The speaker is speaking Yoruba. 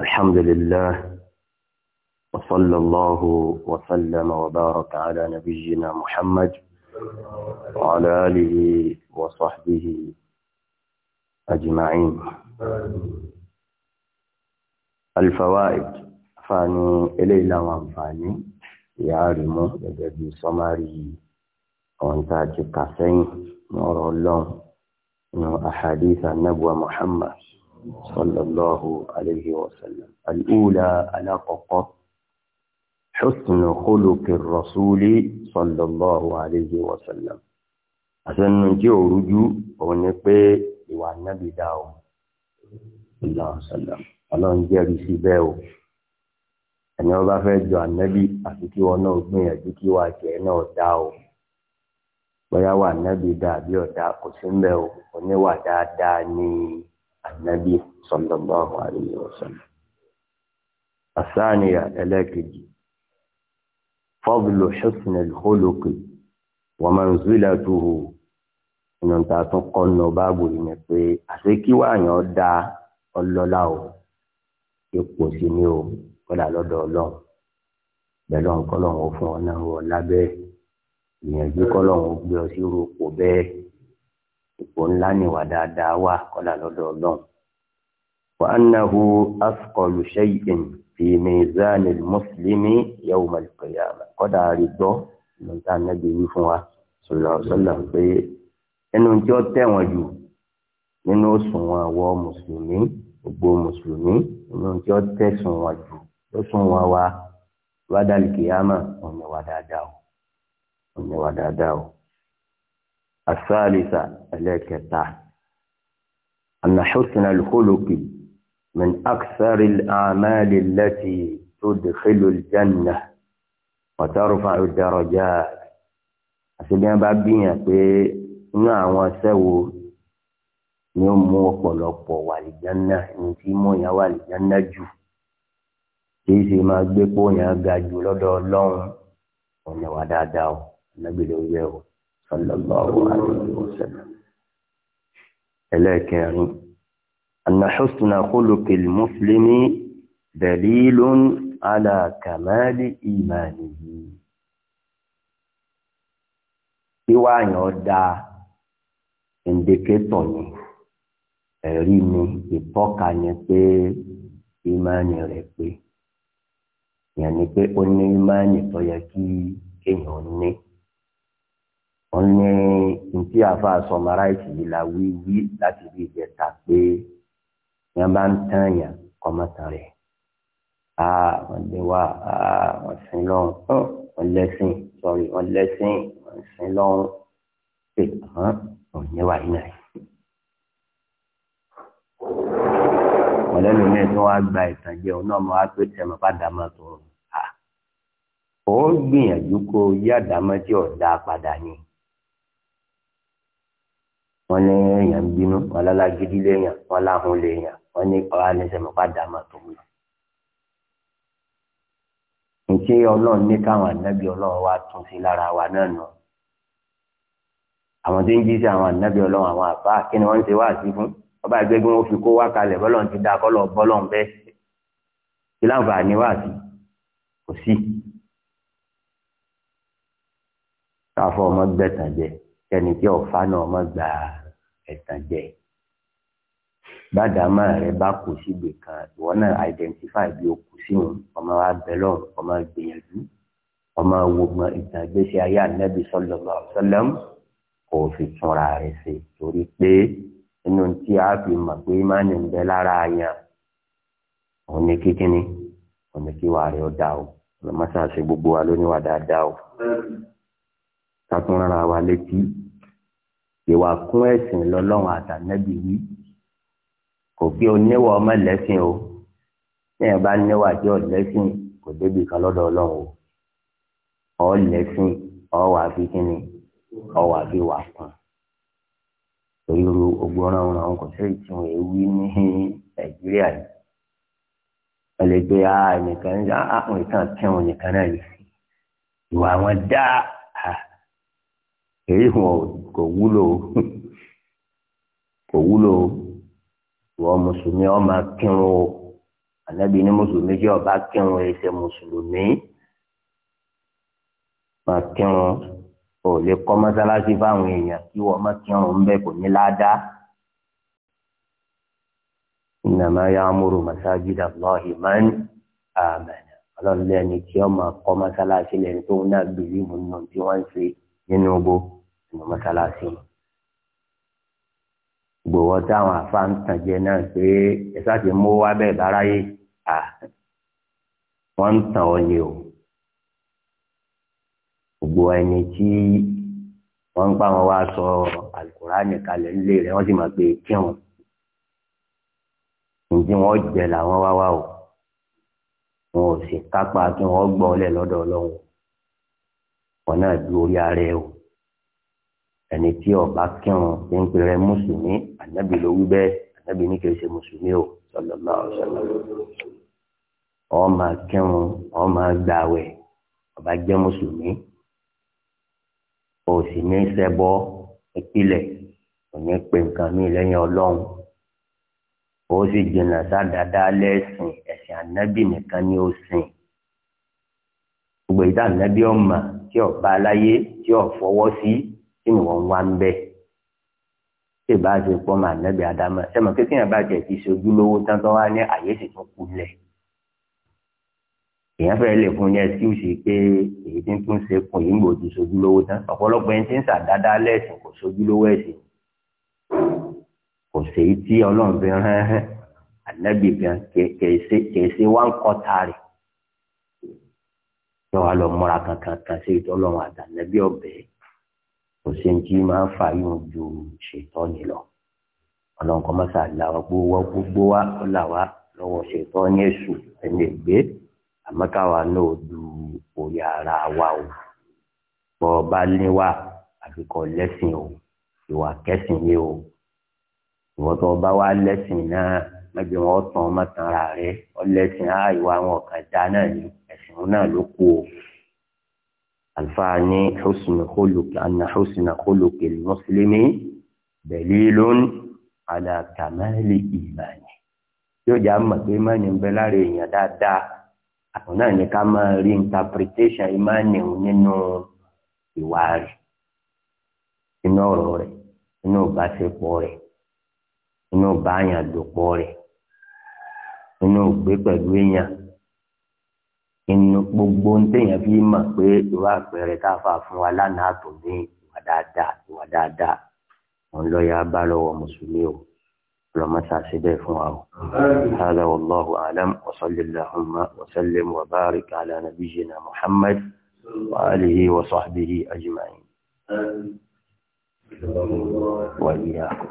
الحمد لله وصلى الله وسلم وبارك على نبينا محمد وعلى آله وصحبه أجمعين الفوائد فاني إليلا وانفاني يعلم يجب سماري وانتاج كاسين نور الله أحاديث النبوة محمد صلى الله عليه وسلم الأولى على قطة حسن خلق الرسول صلى الله عليه وسلم أسن جي ورجو ونبي والنبي داو صلى الله عليه وسلم ọlọ́run jẹ́rìí sí bẹ́ẹ̀ o ẹni wọn bá fẹ́ jọ ànábì àfi kí wọn náà gbìyànjú kí wàá jẹ náà dá o bóyá wà ànábì dá àbí ọ̀dà kò sí mbẹ́ o oníwà dáadáa ni. النبي صلى الله عليه وسلم الثانية الاكد فضل حسن الخلق ومنزلته inú ta tún kọ́ nù báàbò yìí ni pé àṣé kí wàyàn da ọlọ́lá o ipò sí ni o kọ́là lọ́dọ̀ ọlọ́run bẹ̀rẹ̀ ọ̀hún kọ́lọ́hún ó fún ọ náà wọ lábẹ́ ìyànjú kọ́lọ́hún ó gbé ọ sí rúpò bẹ́ẹ̀ ipò ńlá ni wà dáadáa wà kọ́lá lọ́dọ̀ ọlọ́run. wa annahu asqalu shay'in fi mizani al-muslimi yawm al-qiyamah kọ́dà rí gbọ́ lọ́tà nẹ́bí wí fún wa sallallahu alaihi wasallam pé ẹnu tí ó tẹ̀wọ̀n jù nínú òṣùwọ̀n àwọ̀ mùsùlùmí gbogbo mùsùlùmí nínú tí ó tẹ̀sùn jù lọ́sùnwọ̀n wa wádàlì kìyàmà dáadáa o dáadáa o. الثالثة الكتا أن حسن الخلق من أكثر الأعمال التي تدخل الجنة وترفع الدرجات àṣìbí wọn bá gbìyàn pé inú àwọn sẹ́wo ni ó mú ọ̀pọ̀lọpọ̀ wàlìjánná ní tí mú yàn wàlìjánná jù kì í ṣe máa gbé pé ga jù lọ́dọ̀ ọlọ́run ọ̀nà wà dáadáa ọ̀nà gbèlè ó yẹ o sallallahu alayhi wa sallam. ẹlẹ́kẹrin anna husna khuluqil muslimi dalilun ala kamali imanihi. ìwà yẹn dáa indikétọ̀ ni ẹ̀rí ni ìtọ́ka yẹn pé ìmánì rẹ̀ pé yẹn ni pé ó ní ìmánì tó yẹ kí kéèyàn ní wọn ní ntí àfa sọmaráìtì yìí la wí wí láti rí ìjẹta pé yẹn bá ń tán yàn kọ́mọ́tàn rẹ̀ a wọn lé wa a wọn sin lọ́hùn wọn lẹ́sìn sọrí wọn lẹ́sìn wọn sin lọ́hùn pé àwọn ò ní wà yín náà. wọn lẹ́nu mi tí wọ́n á gba ìtànjẹ òun náà mo á pé tẹ̀ mọ́ padà máa tó rùn. ó gbìyànjú kó yí àdámọ́ tí ọ̀dà padà yìí wọ́n ní èèyàn ń bínú wọ́n lọ́la gidi léèyàn wọ́n láhùn léèyàn wọ́n ní ọ̀rá nísẹ̀mọ́ padà mà tó wù. ǹṣe ọlọ́run ní káwọn ànábì ọlọ́run wá tún sí lára wa náà nù. àwọn tó ń jí sí àwọn ànábì ọlọ́run àwọn àbá kí ni wọ́n ń ṣe wá sí fún ọba ìgbẹ́gun ó fi kó wá kalẹ̀ bọ́lọ́run ti dá kọ́lọ̀ bọ́lọ́run bẹ́ẹ̀ kí láǹfààní sí kò sí. káfọ́ ọmọ gbẹ̀tàn jẹ́ kẹ́ni tí ọ̀fà náà má gba ẹ̀tàn jẹ gbàdámà rẹ bá kù síbi kan ìwọ náà identify bí o kù sí òun ọmọ wa lọrùn ọmọ gbìyànjú ọmọ wògbọn ìtàn ayé ànábì sallallahu alaihi wasallam kò fi túnra rẹ ṣe torí pé inú tí a fi mọ̀ pé má ní bẹ lára yẹn òun ní kíkíní òun ní kí wàá rẹ ọ dá o ọlọmọ sáà ṣe gbogbo wa lóníwà dáadáa o tàtún rárá wa létí ìwà kún ẹ̀sìn lọ́lọ́run àtànẹ́bí wí kò bí oníwà ọmọ lẹ́sìn o lẹ́yìn bá níwà jẹ́ ọ̀lẹ́sìn kò débi kan lọ́dọ̀ ọlọ́run o ọ̀lẹ́sìn ọ̀wà fi kínni ọ̀wà fi wà kún torí ru ogbó ránran àwọn kò sẹ́yìn tí wọ́n wí ní nàìjíríà yìí wọ́n lè gbé ah ẹnìkan ní àwọn ìtàn kẹwọn nìkan náà yìí ìwà wọn dáa èyí wọn kò wúlò kò wúlò wọn mùsùlùmí ọmọ akínwó ànábì ní mùsùlùmí jẹ́ ọba akínwó ẹsẹ̀ mùsùlùmí máa kírun ò lè kọ́ mọ́sálásí fáwọn èèyàn kí wọ́n má kírun ń bẹ̀ kò ní ládàá. innama ya'muru masajid Allahi man amana ọlọ́run lẹ́ni tí ọmọ akọ́ mọ́sálásí lẹ́ni tó ń dàgbèrè mú nù tí wọ́n ń ṣe nínú gbogbo mọ́sálásí gbòwọ táwọn afáǹtànjẹ náà pé ẹsà ti mú wá bẹ́ẹ̀ báráyé à wọn ń tàn ọ ni o gbogbo ẹni tí wọn ń pa wọn wá sọ alukurani kalẹ̀ nílé rẹ̀ wọn sì máa pe kírun ǹjẹ́ wọn jẹ làwọn wá wá o wọn ò sì kápá kí wọn gbọ́ ọ lẹ lọ́dọ̀ Ọlọ́run wọn náà ju orí ara ẹ o ẹni tí ọba kírun ní ń pèrè mùsùlùmí ànábì ló wí bẹ́ẹ̀ ànábì ní kìí ṣe mùsùlùmí o sallallahu alaihi wasallam ó máa kírun ó máa gbààwẹ̀ ọba jẹ́ mùsùlùmí o sì ní ṣẹbọ ìpìlẹ̀ kò ní pe nǹkan mi lẹ́yìn Ọlọ́run o sì jìnnà sádàdà lẹ́sìn ẹ̀sìn ànábì nìkan ni ó sìn gbogbo ìdá ànábì ọmọ tí ọba aláyé tí ọ fọwọ́ sí. Si, kí ni wọ́n wá ń bẹ́ ṣé bá ṣe pọ́ máa nẹ́bí adama ẹ mọ̀ kékeré yẹn bá jẹ́ ti ṣe ojúlówó tán tó wá ní àyè sì tún kú lẹ̀ èèyàn fẹ́ lè fún ní ẹ́síkúùsì pé èyí tí ń tún ṣe kùn yìí ń gbò ti ṣojúlówó tán ọ̀pọ̀lọpọ̀ ẹni tí ń ṣàdádá lẹ́sìn kò ṣojúlówó ẹ̀sìn kò ṣèyí tí ọlọ́run fi rán ànábì gan kèéṣe wá ń kọ́ taarì yọ wá lọ múra kankan kan sí ìtọ́lọ́run àtànábì ọ̀bẹ́ẹ́ kò sí ní kí máa ń fa yóò ju ṣètọ́ni lọ ọlọ́run kọ́ mọ́sá làwọn gbówó gbogbo wa làwa lọ́wọ́ ṣètọ́ni èṣù ẹni ègbé àmọ́ náà du orí ara wa o bọ́ ọ bá níwà àfikọ́ lẹ́sìn o ìwà kẹ́sìn ni o ìwọ́n tó bá wá lẹ́sìn náà mẹ́jọ wọn tán ọmọ tán ara rẹ ọ lẹ́sìn á ìwà àwọn ọ̀kan dá náà ni ẹ̀sìn náà ló kú o àlùfáà ní husna khuluqi anna husna khuluqi al-muslimi dalilun ala kamali imani yóò jẹ́ àmọ̀ pé ìmánì ń bẹ lára èèyàn dáadáa àwọn náà ní ká máa rí interpretation ìmánì nínú ìwà rẹ̀ nínú ọ̀rọ̀ rẹ̀ nínú ìbáṣepọ̀ rẹ̀ nínú ìbáyàn lòpọ̀ rẹ̀ nínú ìgbé pẹ̀lú èèyàn inú gbogbo ń téèyàn fi mọ̀ pé ìwà àpẹẹrẹ tá a fà fún wa lánàá tó ní ìwà dáadáa ìwà dáadáa òun lọ́ọ́ yá bá lọ́wọ́ mùsùlùmí o lọ́mọ́sá síbẹ̀ fún wa o. هذا والله أعلم وصل اللهم وسلم وبارك على نبينا محمد وآله وصحبه أجمعين وإياكم